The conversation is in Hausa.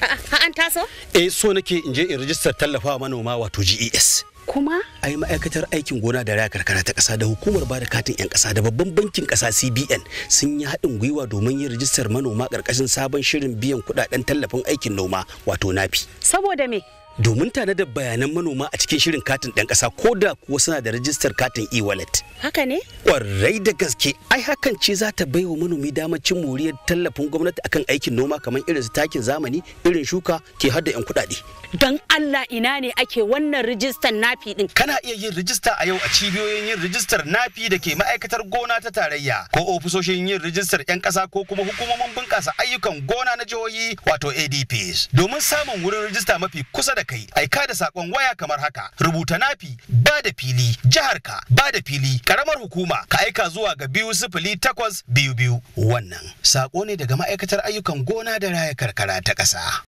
Ha an taso? Eh so nake in je in rijistar tallafa manoma wato GES. Kuma? ai ma'aikatar aikin gona da raya karkara ta kasa da hukumar bada katin 'yan kasa da babban bankin kasa cbn sun yi haɗin gwiwa domin yin rijistar manoma ƙarƙashin sabon shirin biyan kuɗaɗen tallafin aikin noma wato nafi saboda me domin tana da bayanan manoma a cikin shirin katin ɗan ƙasa ko da kuwa suna da rajistar katin e-wallet. Haka ne? Ƙwarai da gaske, ai hakan ce za ta baiwa manomi damar cin moriyar tallafin gwamnati akan aikin noma kamar irin su takin zamani, irin shuka ke hada 'yan kuɗaɗe. Don Allah ina ne ake wannan rajistar nafi ɗin? kana iya yin rijista a yau a cibiyoyin yin rijistar nafi da ke ma'aikatar gona ta tarayya ko ofisoshin yin rijistar 'yan ƙasa ko kuma hukumomin bunƙasa ayyukan gona na jihohi wato adps domin samun wurin rijista mafi kusa da kai aika da saƙon waya kamar haka rubuta nafi ba da fili jihar ka ba da fili ƙaramar hukuma ka aika zuwa ga biyu sifili takwas biyu biyu wannan saƙo ne daga ma'aikatar ayyukan gona da raya karkara ta ƙasa.